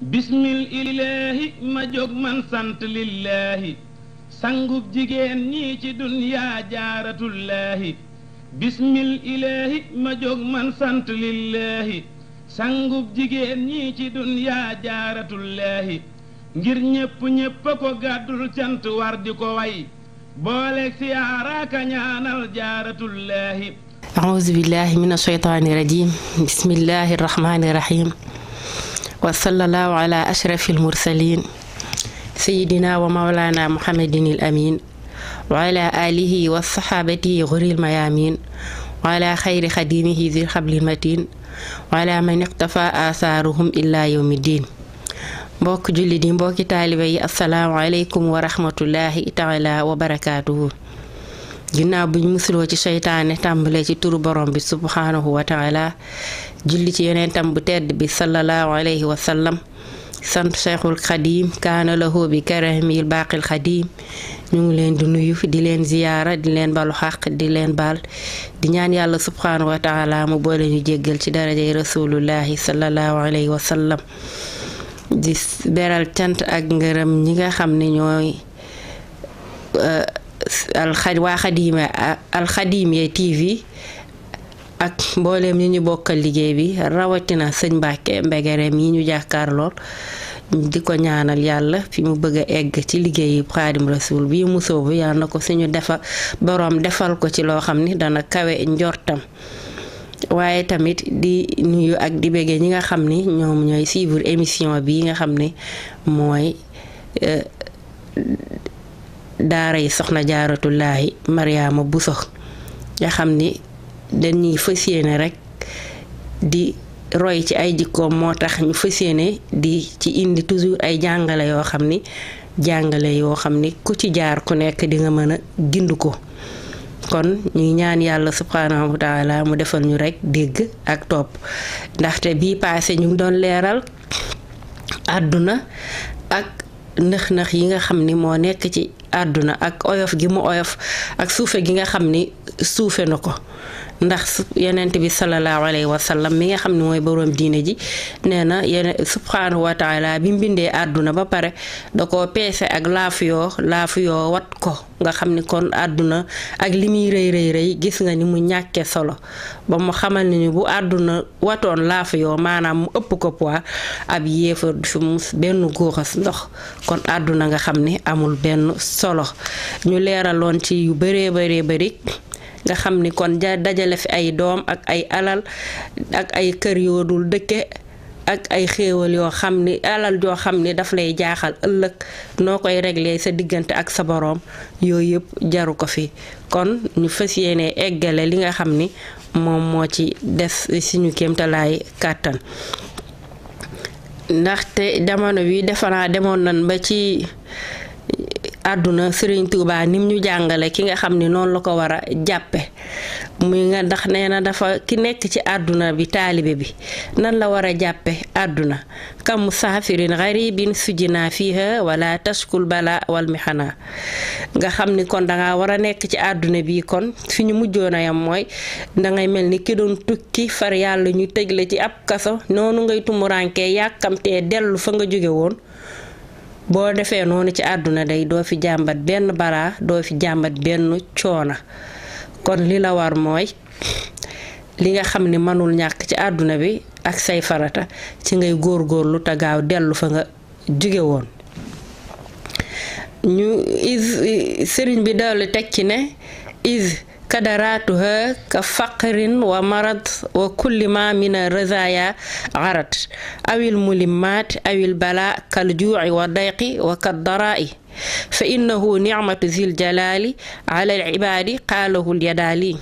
bismil ilaahi ma jóg man sant lillaahi sangub jigéen ñii ci dunyaa jaaratullaahi bismil ilaahi ma jóg man sant lillaahi sangub jigéen ñii ci dunyaa jaaratullaahi ngir ñépp ñépp ko gàddul cant war di ko way booleeg siyaaraaka ñaanal jaaratullaahi auzu billaahi mina shaytaani وصلى الله على أشرف المرسلين سيدنا ومولانا محمد الأمين وعلى آله وصحابته غر الميامين وعلى خير خديمه ذي الخبل المتين وعلى من اقتفى آثارهم إلا يوم الدين بوك جلدين بوك mbokki السلام عليكم ورحمة الله تعالى وبركاته ginnaaw buñ musuloo ci seytaane tàmbalee ci turu borom bi subhaanahu wa taala julli ci yonentam bu tedd bi sallallahu alayhi wa sallam sant cheikhul xadim kaana lahoo bi karamil baaqil xadim ñu ngi leen di nuyu di leen ziyaara di leen balu xàq di leen baal di ñaan yàlla subhaanahu wa taala mu boole ñu jéggal ci darajay rasulullahi sallallahu alayhi wa sallam di beral cant ak ngërëm ñi nga xam ne ñooy Alxadimiya TV ak mbooleem ñi ñu bokkal liggéey bi rawatina sëñ mbakke mbegereem yi ñu jàkkaar lool di ko ñaanal yàlla fi mu bëgg egg ci liggéeyu Xaadim Rasuul bii mu sóobu yàlla na ko suñu defa boroom defal ko ci loo xam ni dana kawe njortam waaye tamit di nuyu ak di bëggee ñi nga xam ni ñoom ñooy suivre émission bi nga xam ni mooy euh, daara yi soxna jaaratullaahi Mariama Bousso nga xam ni dañuy fas yéene rekk di roy ci ay jikkoom moo tax ñu fas yéene di ci indi toujours ay jàngale yoo xam ni jàngale yoo xam ni ku ci jaar ku nekk di nga mën a gind ko kon ñuy ñaan yàlla subhaanahu wa taala mu defal ñu rekk dégg ak topp ndaxte bii paase ñu doon leeral àdduna ak nëx-nëx yi nga xam ni moo nekk ci àdduna ak oyof gi mu oyof ak suufe gi nga xam ni suufe na ko ndax yonent bi salallaahu alayhi wa sallam mi nga xam ne mooy boroom diine ji nee na yene subhaanahu wa taala bi mbindee àdduna ba pare da koo peese ak laaf yoo laaf wat ko nga xam ni kon àdduna ak li muy rëy rëy rëy gis nga ni mu ñàkke solo ba mu xamal ni bu àdduna watoon laaf maanaam mu ëpp ko poids ab yéefar du fi mus benn góoxas ndox kon àdduna nga xam ni amul benn solo ñu leeraloon ci yu bëree bëree bëri nga xam ni kon dajale fi ay doom ak ay alal ak ay kër yoo dul dëkke ak ay xéewal yoo xam ni alal joo xam ni daf lay jaaxal ëllëg noo koy régler sa diggante ak sa boroom yooyu yëpp jaru ko fi kon ñu fas yéene eggale li nga xam ni moom moo ci des siñu kéemtalaay kàttan ndaxte jamono bi defanaa demoon nan ba ci àdduna Serigne Touba nim ñu jàngale ki nga xam ni noonu la ko war a jàppe muy nga ndax nee na dafa ki nekk ci àdduna bi taalibe bi nan la war a jàppe àdduna kam musaafirin garibin naa fiiha wala taskul bala wal mihana nga xam ni kon danga war a nekk ci àdduna bi kon fi ñu mujjoon a yam mooy dangay mel ni ki doon tukki far yàlla ñu tëj la ci ab kaso noonu ngay tumuraanke yàkkamtee dellu fa nga jóge woon bo defee noonu ci adduna day doo fi jàmbat benn bara doo fi jàmbat benn coona kon li la war mooy li nga xam ne manul ñàkk ci adduna bi ak say farata ci ngay góorgóorlu te gaaw dellu fa nga jóge woon ñu is sëriñ bi dolli teg ci ne is kadaratuha ka faqrin wa marad wa kulli ma min razaya arad awil mulimmat awil bala kal wa dayqi wa kaddaraai fa innahu nicmatu zil jalaali ala al na li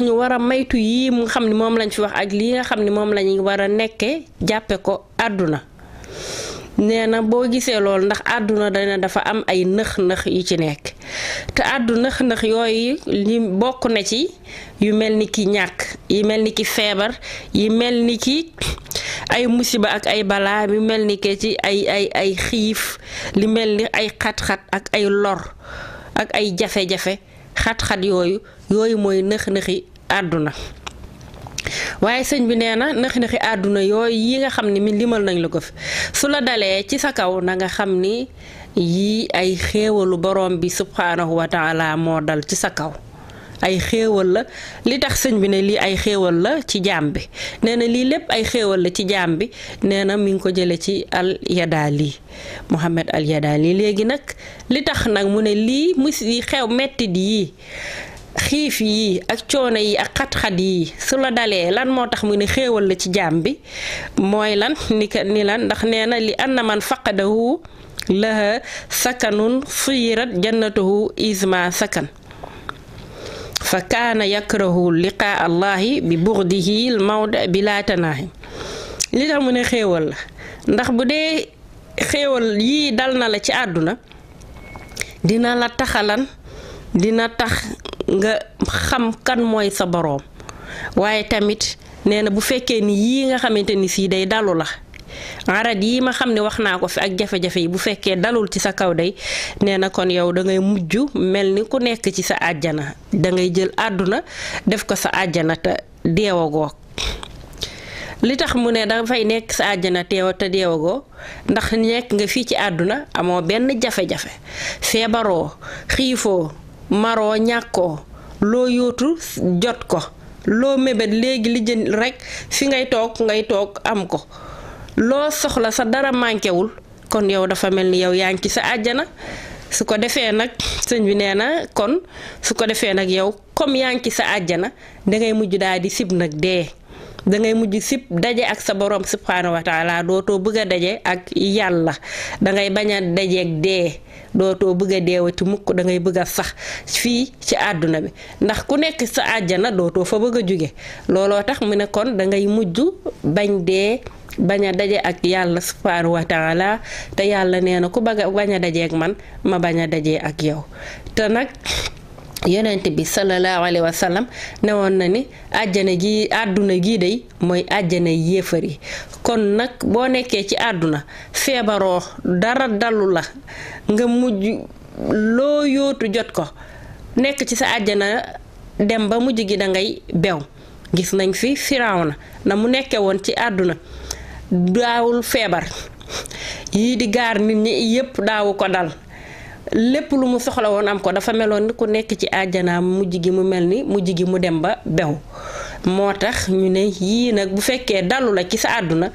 ñu war a maytu yii mu nga moom lañ fi wax ak lii nga xam ne moom lañuy war a nekkee jàppe ko àdduna nee na boo gisee loolu ndax àdduna dana dafa am ay nëx-nëx yu ci nekk te àdduna xëndax yooyu li bokk na ci yu mel ni ki ñàkk yi mel ni ki feebar yi mel ni ki ay musiba ak ay balaa yu mel ni ki ci ay ay xiif li mel ni ay xat-xat ak ay lor ak ay jafe-jafe xat-xat yooyu yooyu mooy nëx-nëxi àdduna waaye sëñ bi nee na nëx àdduna yooyu yi nga xam ni mi limal nañ la ko fi su la dalee ci sa kaw na nga xam ni yii ay xéewalu borom bi subhaanahu wa taala moo dal ci sa kaw ay xéewal la li tax sëñ bi ne lii ay xéewal la ci jaam bi nee na lii lépp ay xéewal la ci jaam bi nee na mi ngi ko jële ci al yadaali Mohamed al léegi nag li tax nag mu ne lii mus yi xew mettit yii xiif yi ak coono yi ak xat-xat yi su la dalee lan moo tax mu ne xéewal la ci jaam bi mooy lan ni ka ni lan ndax neena li li na man faqadahu لها سكن صيرت جنته إذ ما سكن فكان يكره لقاء الله ببغضه الموت بلا تناه li tax mu ne xéewal la ndax bu dee xéewal yii dal na la ci àdduna dina la taxalan dina tax nga xam kan mooy sa boroom waaye tamit nee na bu fekkee ni yii nga xamante ni sii day dalu la arad yi ma xam ne wax naa ko fi ak jafe-jafe yi bu fekkee dalul ci sa kaw day nee na kon yow dangay mujj mel ni ku nekk ci sa àjjana dangay jël àdduna def ko sa àjjana te deewagoo li tax mu ne dafay nekk sa àjjana teewa te deewagoo ndax nekk nga fii ci àdduna amoo benn jafe-jafe feebaroo xiifoo maroo ñàkkoo loo yóotu jot ko loo mébét léegi li jën rekk fi ngay toog ngay toog am ko lo soxla sa dara wul kon yow dafa melni yow yaang ci sa aljana su ko defee nag bi néna kon su ko defee nag yow comme yaang ci sa da ngay mujj daal di nak dé da ngay mujj sip daje ak sa borom subhanahu wa taala doto bëgga dajé daje ak yàlla dangay bañ a dajeeg dee dootoo bëgg a deewati mukk da ngay bëgga sax fi ci aduna bi ndax ku nekk sa aljana doto fa bëgga juggé lolo tax mu ne kon ngay mujj bañ dé bañ a daje ak yàlla subhaanahu wa taala te yàlla nee na ku bëgg a bañ a daje ak man ma bañ a daje ak yow te nag yonent bi sallallahu alayhi wa sallam ne woon na ni àjjana gi àdduna gi day mooy àjjana yéefar yi kon nag boo nekkee ci àdduna feebaroo dara dalu la nga mujj loo yootu jot ko nekk ci sa àjjana dem ba mujj gi dangay ngay bew gis nañ fi Firawna na mu nekkee woon ci àdduna daawul feebar yii di gaar nit ñi yépp daawu ko dal lépp lu mu soxlawoon am ko dafa meloon ni ku nekk ci àjjanaam mujj gi mu mel ni mujj gi mu dem ba bew moo tax ñu ne yii nag bu fekkee dalu la ci sa àdduna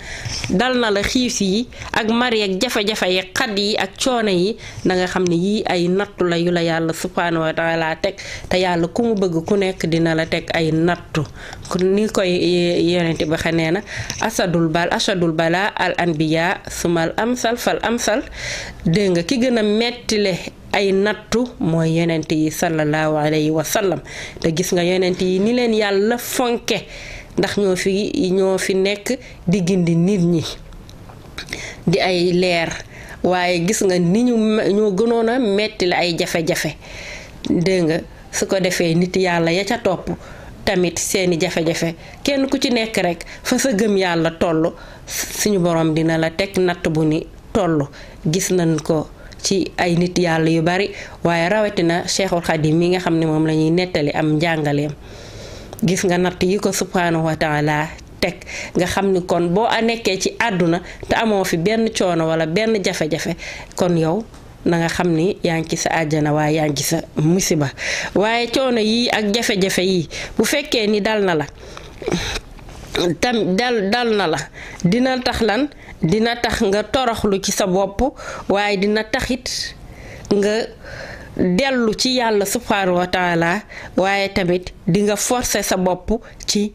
dal na la xiif yi ak mar ak jafe-jafe yi xat yi ak coono yi na nga xam ne yii ay nattu la yu la yàlla subhaanahu wa taala teg te yàlla ku mu bëgg ku nekk dina la teg ay nattu ko ni koy yonente ba xanee na asadul bal asadul bala al anbiya sumal amsal fal amsal dégg nga ki gën a mettile ay nattu mooy yonent yi sallallahu alayhi wa sallam te gis nga yeneent yi ni leen yàlla fonke ndax ñoo fi ñoo fi nekk di nit ñi di ay leer waaye gis nga ni ñu ñoo gënoon a metti la ay jafe-jafe dégg nga su ko defee nit yàlla ya ca topp tamit seeni jafe-jafe kenn ku ci nekk rek fa sa gëm yàlla toll suñu borom dina la teg natt bu ni toll gis nañ ko ci ay nit yàlla yu bari waaye rawatina Cheikhul Khadim mi nga xam ne moom lañuy ñuy nettali am njàngaleem gis nga natt yi ko subhanahu wa taala teg nga xam ni kon boo nekkee ci àdduna te amoo fi benn coono wala benn jafe-jafe kon yow na nga xam ni yaa ngi ci sa àjjana waaye yaa sa musiba waaye coono yii ak jafe-jafe yii bu fekkee ni dal na la tam dal dal na la dina tax lan dina tax nga toroxlu ci sa bopp waaye dina taxit nga dellu ci yàlla subhaanahu wa waaye tamit di nga forcer sa bopp ci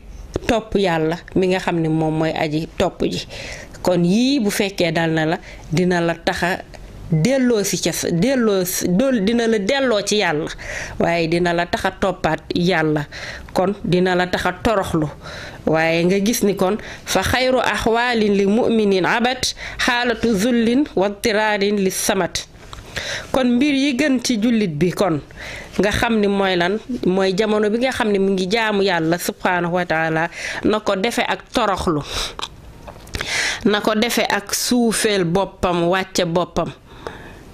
topp yàlla mi nga xam ni moom mooy aji topp ji kon yii bu fekkee dal na la dina la taxa delloo si ca delloo si dool dina la delloo ci yàlla waaye dina la tax a toppaat yàlla kon dina la taxa toroxlu waaye nga gis ni kon fa xayru axwaalin li muminin abat xaalatu zullin watiraarin li samat kon mbir yi gën ci jullit bi kon nga xam ni mooy lan mooy jamono bi nga xam ni mu ngi jaamu yàlla subhaanahu wa taala na ko defe ak toroxlu na ko defe ak suufeel boppam wàcce boppam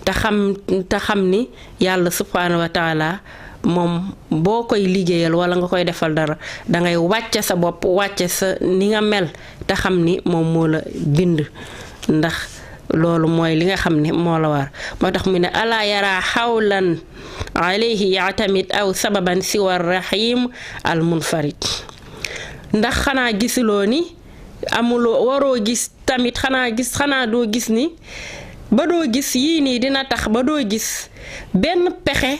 te xam te xam ni yàlla subhaanahu wa taala moom boo koy liggéeyal wala nga koy defal dara dangay wàcce sa bopp wàcce sa ni nga mel te xam ni moom moo la bind ndax loolu mooy li nga xam ni moo la war moo tax mu ne alaa yaraa xawlan yaa tamit aw sababan siwa rahim al munfarid ndax xanaa gisuloo ni amuloo waroo gis tamit xanaa gis xanaa doo gis ni ba doo gis yii nii dina tax ba doo gis benn pexe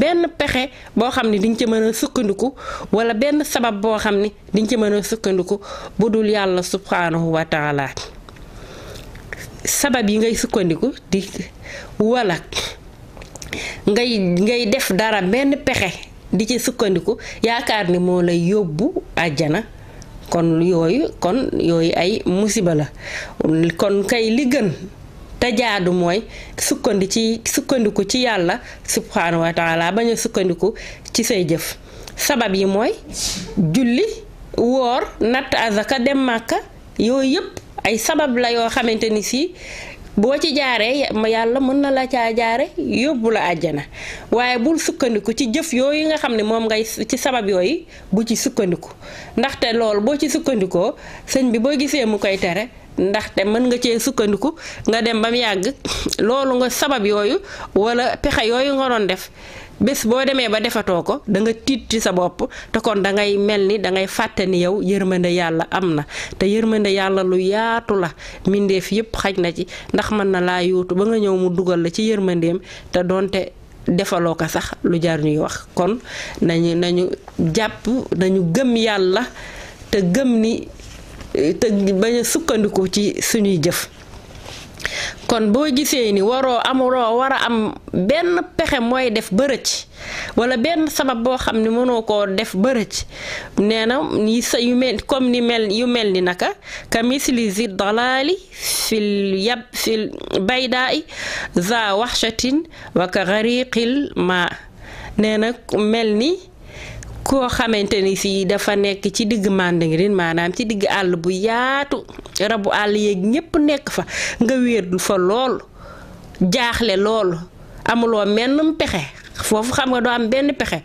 benn pexe boo xam di nga ci mën a sukkandiku wala benn sabab boo xam ni di nga ci mën a sukkandiku bu dul yàlla wa taala sabab yi ngay sukkandiku di wala ngay ngay def dara benn pexe di ci sukkandiku yaakaar ni moo lay yóbbu àjjana kon yooyu kon yooyu ay musiba la kon kay li gën te jaadu mooy sukkandi ci sukkandiku ci yàlla subhaanahu wa taala bañ a sukkandiku ci say jëf sabab yi mooy julli woor natt azaka dem màkka yooyu yëpp ay sabab la yoo xamante ni si boo ci jaaree yàlla mën na la caa jaare yóbbu la àjjana waaye bul sukkandiku ci jëf yooyu nga xam ne moom ngay ci sabab yooyu bu ci sukkandiku ndaxte loolu boo ci sukkandikoo sëñ bi boo gisee mu koy tere ndaxte mën nga cee sukkandiku nga dem ba mu yàgg loolu nga sabab yooyu wala pexe yooyu nga doon def bés boo demee ba defatoo ko danga tiit ci sa bopp te kon da ngay mel ni dangay ngay fàtte ni yow yërmande yàlla am na te yërmande yàlla lu yaatu la mbindeef yépp xaj na ci ndax mën na laa yóotu ba nga ñëw mu dugal la ci yërmandeem te doonte defaloo ko sax lu jar ñuy wax kon nañu nañu jàpp nañu gëm yàlla te gëm ni te bañ sukkandiku ci suñuy jëf kon boo gisee ni waroo amuloo war a am benn pexe mooy def bërëc wala benn sabab boo xam ni mënoo koo def bërëc nee na ni sa yu mel comme ni mel yu mel ni naka ka misli zi dalaali fil yab fil baydaay za waxshatin wa ka xariqil ma mel ni koo xamante ni si dafa nekk ci digg Mandingrin maanaam ci digg àll bu yaatu rabu àll yeeg ñépp nekk fa nga wéer fa lool jaaxle lool amuloo menn pexe foofu xam nga doon benn pexe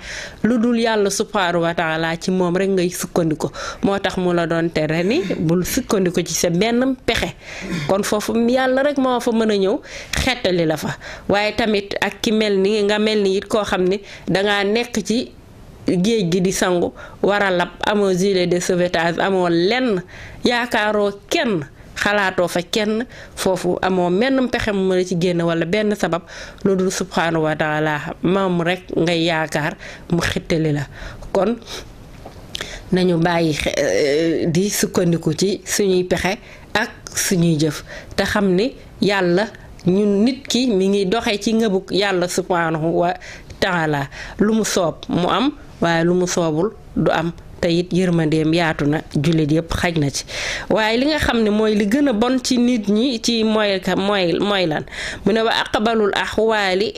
lu dul yàlla subhaanahu wa ci moom rek ngay sukkandiku moo tax mu la doon tere ni bul sukkandiku ci sa benn pexe kon foofu yàlla rek moo fa mën a ñëw xettali la fa waaye tamit ak ki mel ni nga mel ni it koo xam ni dangaa nekk ci géej gi di sangu war a lab amoo gilet de sauvetage amoo lenn yaakaaroo kenn xalaatoo fa kenn foofu amoo menn pexe mu mën a ci génn wala benn sabab lu dul subxanahu wa taala maam rek ngay yaakaar mu xittali la kon nañu bàyyi euh, di sukkandiku ci suñuy pexe ak suñuy jëf te xam ni yàlla ñun nit ki mu ngi doxee ci ngëbuk yàlla subxanahu wa taala lu mu soob mu am waye lu mu sobul du am tayit yermandem yatuna julit yep xajna ci waye li nga xamne moy li gën bon ci nit ñi ci moy moy moy lan mune wa aqbalu al ahwali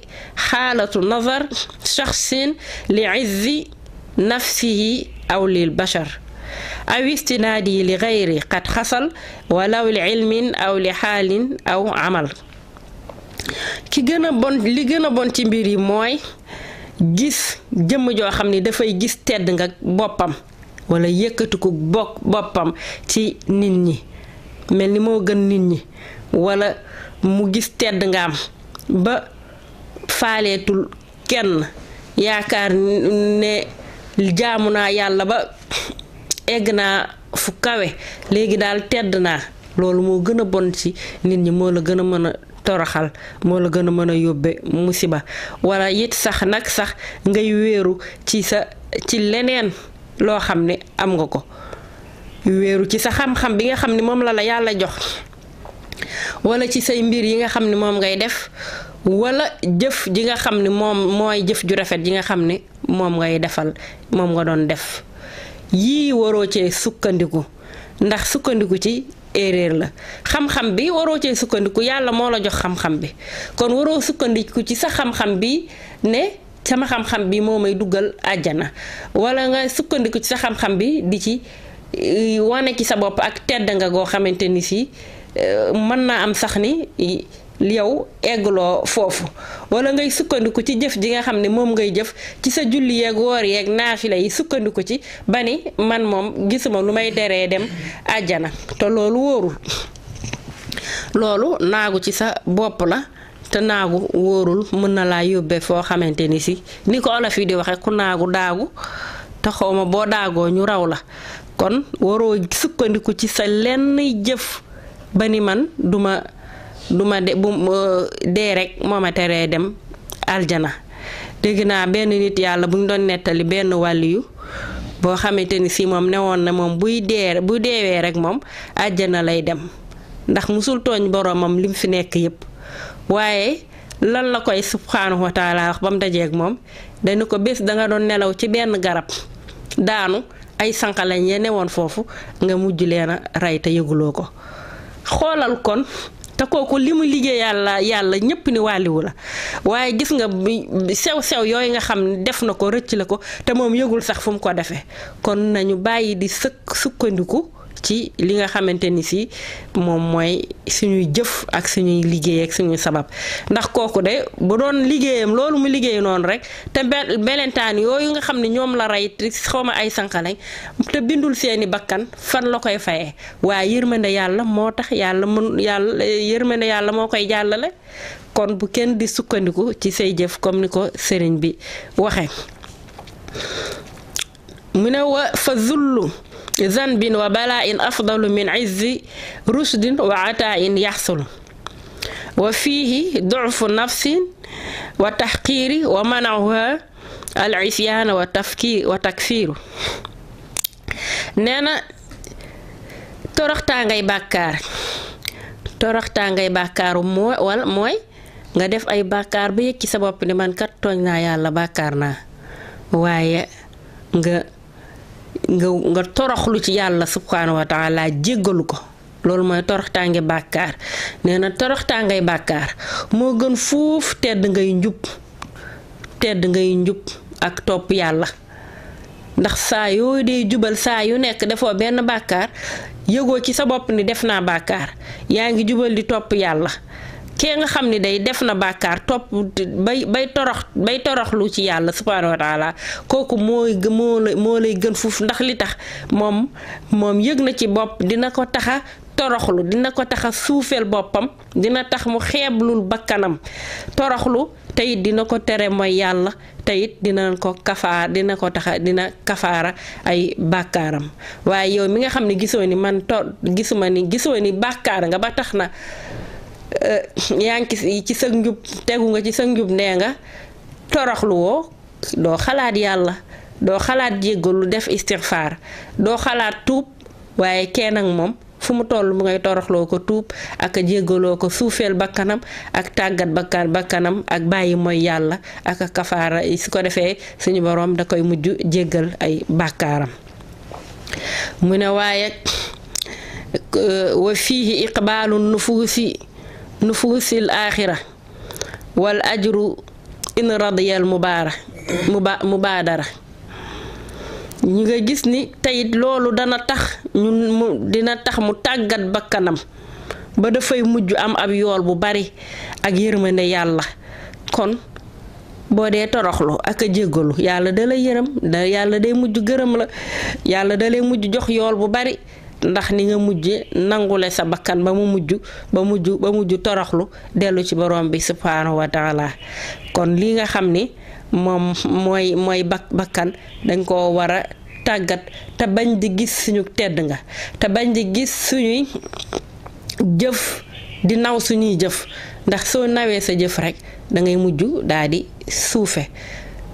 halatu nazar shakhsin li izzi nafsihi aw lil bashar aw istinaadi li gayri qad xasal walaw li ilmin aw li xaalin aw amal ki gën a bon li gën bon ci mbir yi gis jëmm joo xam ni dafay gis tedd nga boppam walla yëkkati ko bokk boppam ci nit ñi mel ni moo gën nit ñi wala mu gis tedd nga am ba faaleetul kenn yaakaar ne jaamu naa yàlla ba egg naa fu kawe léegi daal tedd naa loolu moo gën a bon ci nit ñi moo la gën a mën a toroxal moo la gën a mën a yóbbe musiba wala it sax nag sax ngay wéeru ci sa ci leneen loo xam ne am nga ko wéeru ci sa xam-xam bi nga xam ne moom la la yàlla jox wala ci say mbir yi nga xam ne moom ngay def wala jëf ji nga xam ne moom mooy jëf ju rafet ji nga xam ne moom defal moom nga doon def yii waroo cee sukkandiku ndax sukkandiku ci erreur la xam-xam bi waroo cee sukkandiku yàlla moo la jox xam-xam bi kon waroo sukkandiku ci sa xam-xam bi ne sama xam-xam bi moo may duggal àjjana wala nga sukkandiku ci sa xam-xam bi di ci eh, wane ci sa bopp ak tedd nga goo xamante ni si eh, mën naa am sax ni yow eggloo foofu wala ngay sukkandiku ci jëf ji nga xam ne moom ngay jëf ci sa julli yeeg woor yeeg naafila yi sukkandiku ci ba ni man moom gisuma lu may deree dem àjjana te loolu wóorul loolu naagu ci sa bopp la te naagu wóorul mën na laa yóbbee foo xamante ni si ni ko olof yi di waxe ku naagu daagu te xaw ma boo daagoo ñu raw la kon waroo sukkandiku ci sa lenn jëf ba ni man duma du ma de bu dee rek moo ma teree dem aljana dégg naa benn nit yàlla bu ñu doon nettali benn wàlliyu boo xamante ni si moom newoon na moom buy dee bu deewee rek moom àjjana lay dem ndax musul tooñ boroomam lim fi nekk yépp waaye lan la koy subxanahu wa taala wax ba mu moom dañu ko bés danga doon nelaw ci benn garab daanu ay sànq lañ ya newoon foofu nga mujj leen a rey te yëguloo ko xoolal kon te kooku li mu liggéey yàlla yàlla ñëpp ni wàlliwu la waaye gis nga sew-sew yooyu nga xam ne def na ko rëcc la ko te moom yëgul sax fu mu ko defee kon nañu bàyyi di sëkk sukkandiku ci li nga xamante ni si moom mooy suñuy jëf ak suñuy liggéey ak suñuy sabab ndax kooku de bu doon liggéeyam loolu mu liggéey noonu rek te belentaan yooyu nga xam ne ñoom la rey xaw ma ay sànqalañ te bindul seeni bakkan fan la koy fayee waaye yërmande yàlla moo tax yàlla mën yàlla yërmande yàlla moo koy jàllale kon bu kenn di sukkandiku ci say jëf comme ni ko sëriñ bi waxee mu ne wa fa zullu Zan bin wabala in afdalu min izzi rusdin wa ata in yahsul. Wa fihi du'fu nafsin wa tahkiri wa manahuha al-isyana wa tafkir wa takfiru. Nena torak tangai bakar. Torak tangai bakar umuwa wal muwai. Nga def bakar biya kisabwa pindiman katwa nga ya la bakar nga nga toroxlu ci yàlla subhaanahu wa laa jéggalu ko loolu mooy toroxtaange bàkkaar nee na toroxtaangay bàkkaar moo gën fuuf tedd ngay njub tedd ngay njub ak topp yàlla ndax saa yooyu dee jubal saa yu nekk defoo benn bàkkaar yëgoo ci sa bopp ni def naa bàkkaar yaa ngi jubal di topp yàlla kee nga xam ni day def na bàkkaar topp bay bay torox bay toroxlu ci yàlla subhaanahu wa kooku mooy moo la lay gën fuuf ndax li tax moom moom yëg na ci bopp dina ko taxa toroxlu dina ko taxa suufeel boppam dina tax mu xeeblul bakkanam toroxlu teyit dina ko tere mooy yàlla teyit dina ko kafaar dina ko taxa dina kafaara ay bàkkaaram waaye yow mi nga xam ne gisoo ni man to gisuma ni gisoo ni bàkkaar nga ba tax na Euh, yaa ngi ci sa njub tegu nga ci sa njub nee nga toroxlu doo xalaat yàlla doo xalaat jéggalu def istigfaar doo xalaat tuub waaye kenn ak moom fu mu toll mu ngay toroxloo ko tuub ak jéggaloo ko suufeel bakkanam ak tàggat bakkan bakkanam ak bàyyi mooy yàlla ak kafaara su ko defee suñu boroom da koy mujj jéggal ay bàkkaaram mu ne waaye euh, wa fiihi iqbaalu nufuusi nufuusil aaxira wal ajru in mubaara muba mubaadara ñi nga gis ni teyit loolu dana tax mu dina tax mu tàggat bakkanam ba dafay mujj am ab yool bu bari ak yërmande yàlla kon boo dee toroxlu ak a jéggalu yàlla da la yërëm da yàlla day mujj gërëm la yàlla da lay mujj jox yool bu bari ndax ni nga mujj nangule sa bakkan ba mu mujj ba mujj ba mujj toroxlu dellu ci borom bi subhaanahu wa taala kon lii nga xam ni moom mooy mooy bak bakkan dañ koo war a tàggat te bañ di gis suñu tedd nga te bañ di gis suñuy jëf di naw suñuy jëf ndax soo nawee sa jëf rekk da mujj daal di suufe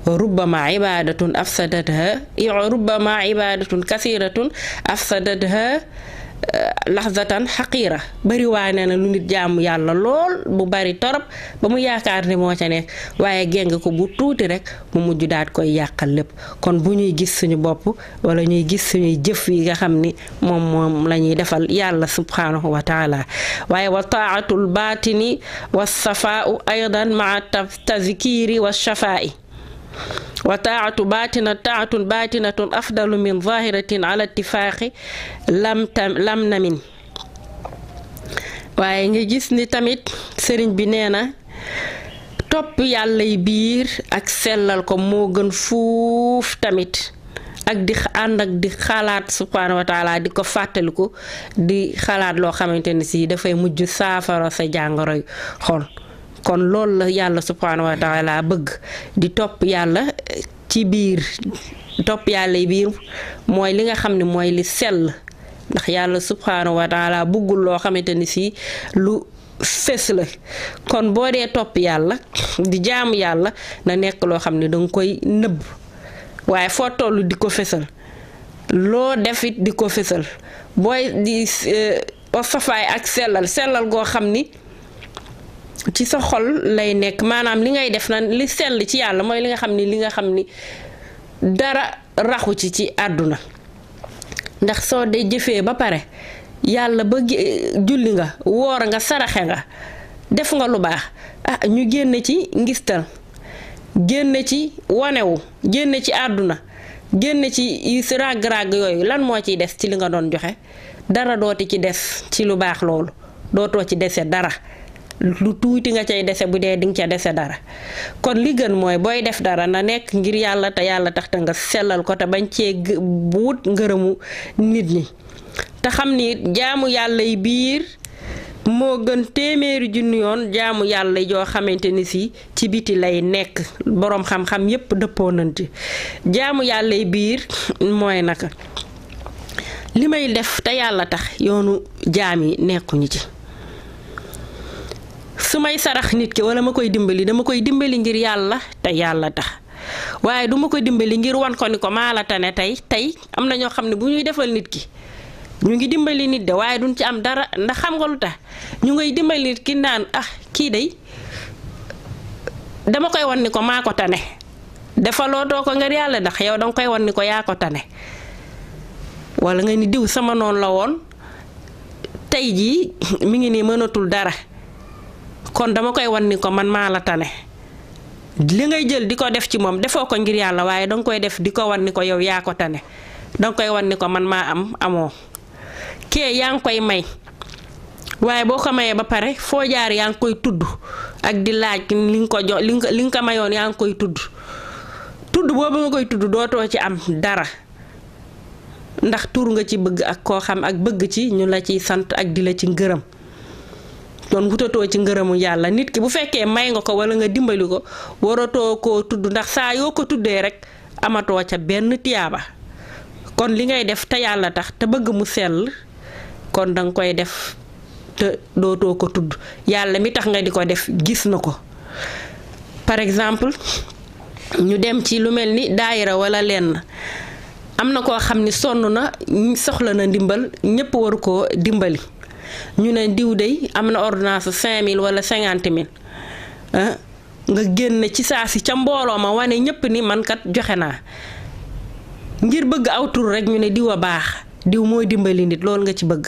ربما عبادة أفسدتها ربما عبادة كثيرة أفسدتها آه، لحظة حقيرة بري وانا لون الجام يالا لول بباري طرب بمو ياكار نمو تانيك وايا جنگ كو بوتو تيرك ممو جداد كو ياكا لب كون بني جيس سني بابو ولا ني جيس سني جف يغا خمني مو مو لاني دفل يالا سبحانه وتعالى وايا وطاعة الباطني والصفاء أيضا مع التذكير والشفائي wa taatu baatina taatun baatinatun afdalu min zahiratin ala lam tam lam namin waaye nga gis ni tamit sëriñ bi nee na topp yàllay biir ak sellal ko moo gën fuuf tamit ak di ànd ak di xalaat subhaanahu di ko fàttaliku di xalaat loo xamante ni si dafay mujj saafara sa jàngoro xol kon loolu la yàlla subhaanahu wa taala bëgg di topp yàlla ci biir topp yàlla biir mooy li nga xam ne mooy li sell ndax yàlla subhaanahu wa taala bëggul loo xamante ni si lu fes la kon boo dee topp yàlla di jaamu yàlla na nekk loo xam ne danga koy nëbb waaye foo toll di ko fesal loo defit di ko fesal booy di eh, safaay ak sellal sellal goo xam ni ci sa xol lay nekk maanaam li ngay def na li sell ci yàlla mooy li nga xam ni li nga xam ni dara raxu ci ci àdduna ndax soo de jëfee ba pare yàlla ba julli nga woor nga saraxe nga def nga lu baax ah ñu génn ci ngistal génn ci wanewu génn ci àdduna génn ci ràgg-ràgg yooyu lan moo ciy des ci li nga doon joxe dara dootu ci des ci lu baax loolu dootoo ci desee dara lu tuuti nga cay dese bu dee dinga cee ca dese dara kon li gën mooy booy def dara na nekk ngir yàlla te yàlla tax te nga sellal ko te bañ cee buut ngërëmu nit ñi te xam ni jaamu yàlla biir moo gën téeméeri junni yoon jaamu yàlla yoo xamante ni si ci biti lay nekk boroom xam yépp dëppoo nañ ci jaamu yàlla yi biir mooy naka li may def te yàlla tax yoonu jaam yi nekkuñu ci su may sarax nit ki wala ma koy dimbali dama koy dimbali ngir yàlla te yàlla tax waaye duma ko dimbali ngir wan ko ni ko maa la tane tey tey am na ñoo xam ne bu ñuy defal nit ki ñu ngi dimbali nit de waaye duñ ci am dara ndax xam nga lu tax ñu ngay dimbali nit ki naan ah kii day dama koy wan ni ko maa ko tane defalootoo ko ngir yàlla ndax yow danga koy wan ni ko yaa ko tane walla nga ni diw sama noon la woon tey jii mu ngi nii mënatul dara. kon dama koy wan ni ko man maa la tane li ngay jël di ko def ci moom defoo ko ngir yàlla waaye danga koy def di ko wan ni ko yow yaa ko tane danga koy wan ni ko man maa am amoo kee yaa ngi koy may waaye boo ko mayee ba pare foo jaar yaa ngi koy tudd ak di laaj li nga ko jox li nga li nga ko mayoon yaa ngi koy tudd tudd boobu nga koy tudd dootoo ci am dara ndax tur nga ci bëgg ak koo xam ak bëgg ci ñu la ciy sant ak di la ci ngërëm doon wutatoo ci ngeeramu yalla nit ki bu fekke may nga ko wala nga dimbali ko waratoo ko tuddu ndax sa yo ko tuddé rek amato ca benn tiyaba kon li ngay def ta yalla tax te bëgg mu sel kon dang koy def te dootoo ko tuddu yalla mi tax nga diko def gis nako par exemple ñu dem ci lu melni ni wala lenn amna ko xamni sonuna na soxla na ndimbal ñepp war ko dimbali ñu ne diw dey am na ordonnance cinq mille walla cinquante mille ah, nga génn ci saa si ca mbooloo ma wane ñépp ni mankat joxe naa ngir bëgg awtul tur rek ñu ne diw a baax diw mooy dimbali nit loolu nga ci bëgg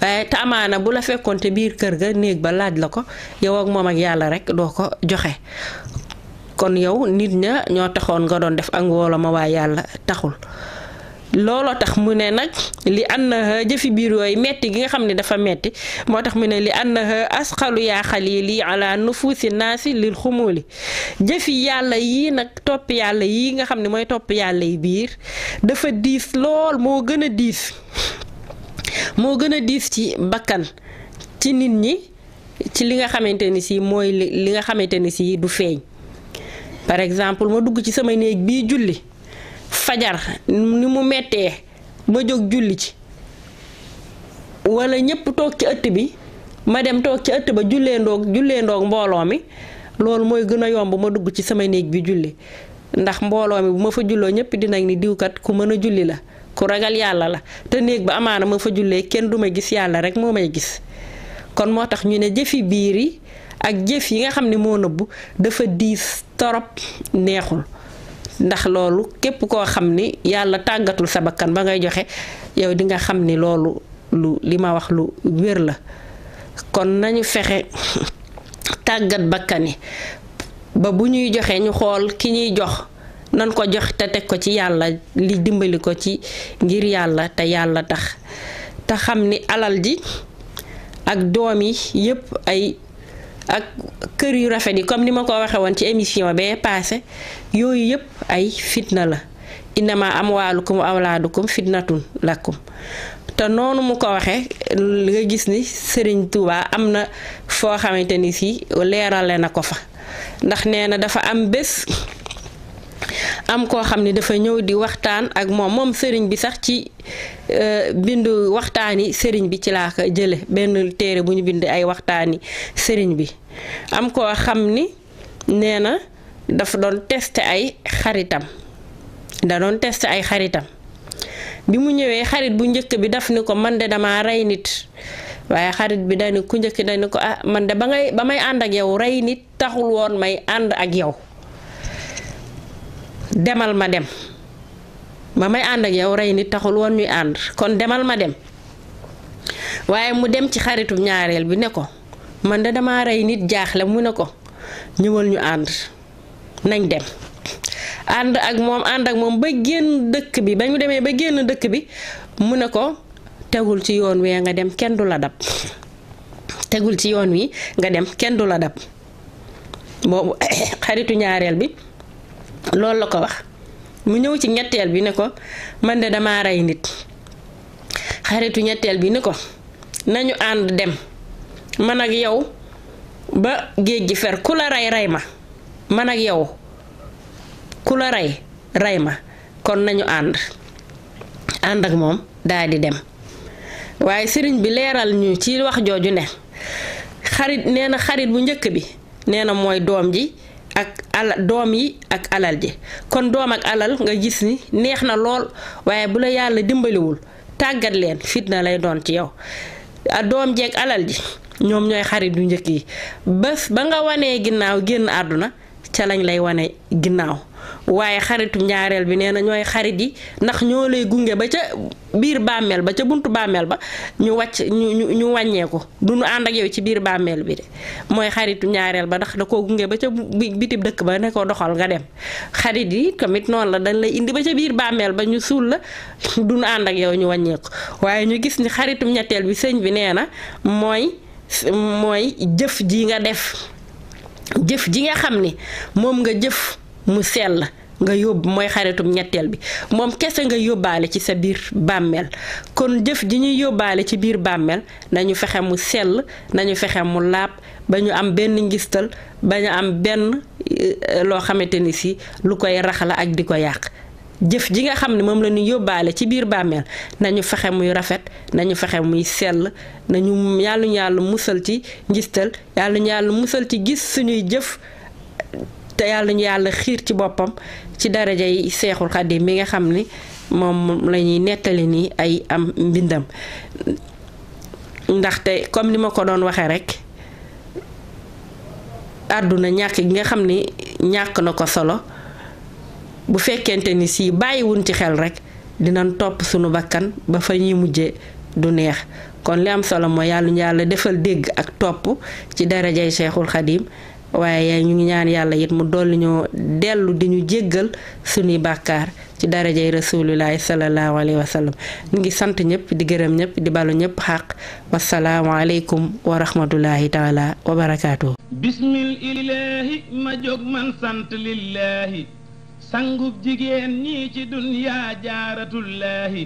waaye eh, te amaana bu la fekkoon te biir kër ga néeg ba laaj la ko yow ak moom ak yàlla rek doo ko joxe kon yow nit ña ñoo taxoon nga doon def ak mbooloo ma waaye yàlla taxul looloo tax mu ne nag li annaha jëfi biir yooyu metti gi nga xam ni dafa metti moo tax mu ne li annaha asqalu yaa xalili ala nufuusi naasi lil xumuli jëfi yàlla yii nag topp yàlla yii nga xam ne mooy topp yàlla yi biir dafa diis lool moo gën a diis moo gën a diis ci bakkan ci nit ñi ci li nga xamante ni si mooy li nga xamante ni si du feeñ par exemple ma dugg ci sama néeg bii julli fajar ni mu metté ba jog julli ci wala ñepp tok ci ëtt bi ma dem tok ci ëtt ba jullee ndok jullee ndok mbolo mi lool moy gëna yomb ma dugg ci sama neeg bi julli ndax mbolo mi bu ma fa jullo ñepp dinañ ni kat ku mëna julli la ku ragal yalla la te neeg ba amana ma fa jullee kenn duma gis yalla rek mo may gis kon motax ñu ne jëfi biiri ak jëf yi nga xamni mo neub dafa diis torop neexul ndax loolu képp koo xam ni yàlla tàggatul sa bakkan ba ngay joxe yow dinga xam ni loolu lu li ma wax lu wér la kon nañu fexe tàggat bakkan yi ba bu ñuy joxe ñu xool ki ñuy jox nañ ko jox te teg ko ci yàlla li dimbali ko ci ngir yàlla te yàlla tax te xam ni alal ji ak doom yi yépp ay ak kër yu rafet yi comme ni ma ko waxe woon ci émission bee paase yooyu yépp ay fitna la innama amwaalukum awlaadukum fitnatun lakum te noonu mu ko waxee li nga gis ni sëriñ Touba am na foo xamante ni si leerale na ko fa ndax nee na dafa am bés am koo xam ne dafa ñëw di waxtaan ak moom moom sëriñ bi sax ci euh, bindu waxtaani sëriñ bi ci laa ko jële benn téere bu ñu bind ay waxtaani sëriñ bi am koo xam ni nee na dafa doon teste ay xaritam danoon teste ay xaritam bi mu ñëwee xarit bu njëkk bi daf ne ko man de damaa rey nit waaye xarit bi dani ku njëkk dani ko ah man de ba ngay ba ànd ak yow rey nit taxul woon may ànd ak yow demal ma dem ba may ànd ak yow rey nit taxul woon ñuy ànd kon demal ma dem waaye mu dem ci xaritu ñaareel bi ne ko man de damaa rey nit jaaxle mu ne ko ñëwal ñu ànd nañ dem ànd ak moom ànd ak moom ba génn dëkk bi ba ñu demee ba génn dëkk bi mu ne ko tegul ci yoon wee nga dem kenn du la dab tegul ci yoon wi nga dem kenn du la dab boobu xaritu ñaareel bi loolu la ko wax mu ñëw ci ñetteel bi ne ko man de damaa rey nit xaritu ñetteel bi ni ko nañu ànd dem man ak yow ba géej gi fer ku la rey rey ma man ak yow ku la rey rey ma kon nañu ànd ànd ak moom daal dem waaye sëriñ bi leeral ñu ci wax jooju ne xarit nee xarit bu njëkk bi nee na mooy doom ji ak ala doom yi ak alal ji kon doom ak alal nga gis ni neex na lool waaye bu la yàlla dimbaliwul tàggat leen fitna lay doon ci yow doom jeeg alal ji ñoom ñooy xarit bu njëkk yi bés ba nga wanee ginnaaw génn àdduna ca lañ lay wane ginnaaw waaye xaritu ñaareel bi nee na ñooy xarit yi ndax ñoo lay gunge ba ca biir bàmmeel ba ca buntu bàmmeel ba ñu wàcc ñu ñu ñu wàññeeku du ñu ànd ak yow ci biir bàmmeel bi mooy xaritu ñaareel ba ndax da koo gunge ba ca bitib dëkk ba ne doxal nga dem xarit yi tamit noonu la dañ lay indi ba ca biir bàmmeel ba ñu suul ànd ak yow ñu wàññeeku waaye ñu gis ni xaritu ñetteel bi sëñ bi nee na mooy mooy jëf ji nga def jëf ji nga xam ne moom nga jëf mu sell nga yóbbu mooy xaritum ñetteel bi moom kese nga yóbbaale ci sa biir bàmmeel kon jëf ji ñuy yóbbaale ci biir bàmmeel nañu fexe mu sell nañu fexe mu laab ba ñu am benn ngistal ba ñu am benn eh, loo xamante ni si lu koy raxala ak di ko yàq jëf ji nga xam ne moom la yóbbaale ci biir bàmmeel nañu fexe muy rafet nañu fexe muy sell nañu yàlla ñu yàlla musal ci njistal yàlla ñu yàlla musal ci gis suñuy jëf te yàlla ñu yàlla xiir ci boppam ci daraja yi seexul xaddim mi nga xam ni moom lañuy ñuy nettali nii ay am mbindam ndaxte comme ni ma ko doon waxee rek àdduna ñàkk gi nga xam ni ñàkk na ko solo bu fekkente ni si bàyyiwuñ ci xel rekk dina topp sunu bakkan ba fa ñuy mujje du neex kon li am solo mooy yàlla ñu yàlla defal dégg ak topp ci darajay Cheikhul Xadim waaye ñu ngi ñaan yàlla it mu dolli ñoo dellu di ñu jéggal sunuy bàkkaar ci darajay rasulillahi sallallahu alayhi wa sallam ñu ngi sant ñëpp di gërëm ñëpp di balu ñëpp xaq wasalaamualeykum wa rahmatullahi taala wa barakaatu. bismillahi ma jóg man sant lillahi sangub jigéen ñii ci dunyaa jaaratullaahi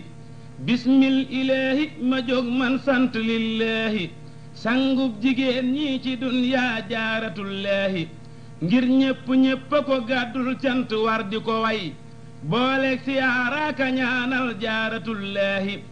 bismil ilaahi ma jóg man sant lillaahi sangub jigéen ñii ci dunyaa jaaratullaahi ngir ñépp ñépp a ko gàddul cant war ko way booleeg siyaaraaka ñaanal jaaratullaahi